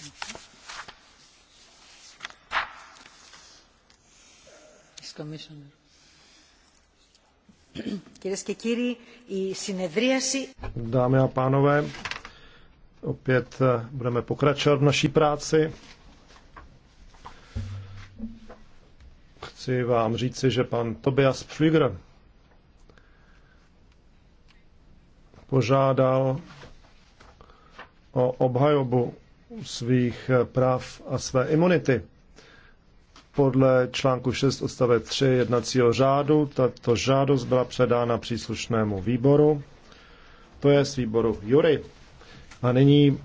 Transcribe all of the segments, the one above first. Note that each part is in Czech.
Dámy a pánové, opět eh, budeme pokračovat v naší práci. Chci vám říci, že pan Tobias Pflüger požádal o obhajobu svých práv a své imunity. Podle článku 6 odstave 3 jednacího řádu tato žádost byla předána příslušnému výboru, to je z výboru Jury. A nyní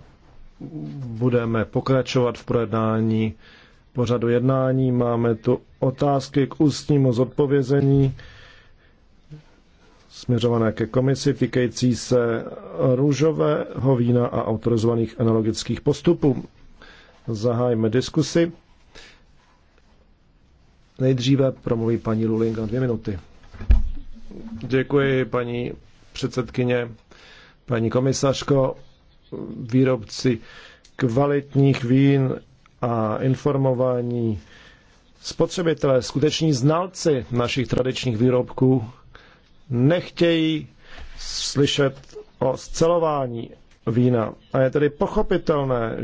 budeme pokračovat v projednání pořadu jednání. Máme tu otázky k ústnímu zodpovězení směřované ke komisi týkající se růžového vína a autorizovaných analogických postupů. Zahájíme diskusi. Nejdříve promluví paní Lulinga na dvě minuty. Děkuji, paní předsedkyně, paní komisařko, výrobci kvalitních vín a informování spotřebitelé, skuteční znalci našich tradičních výrobků nechtějí slyšet o scelování vína. A je tedy pochopitelné,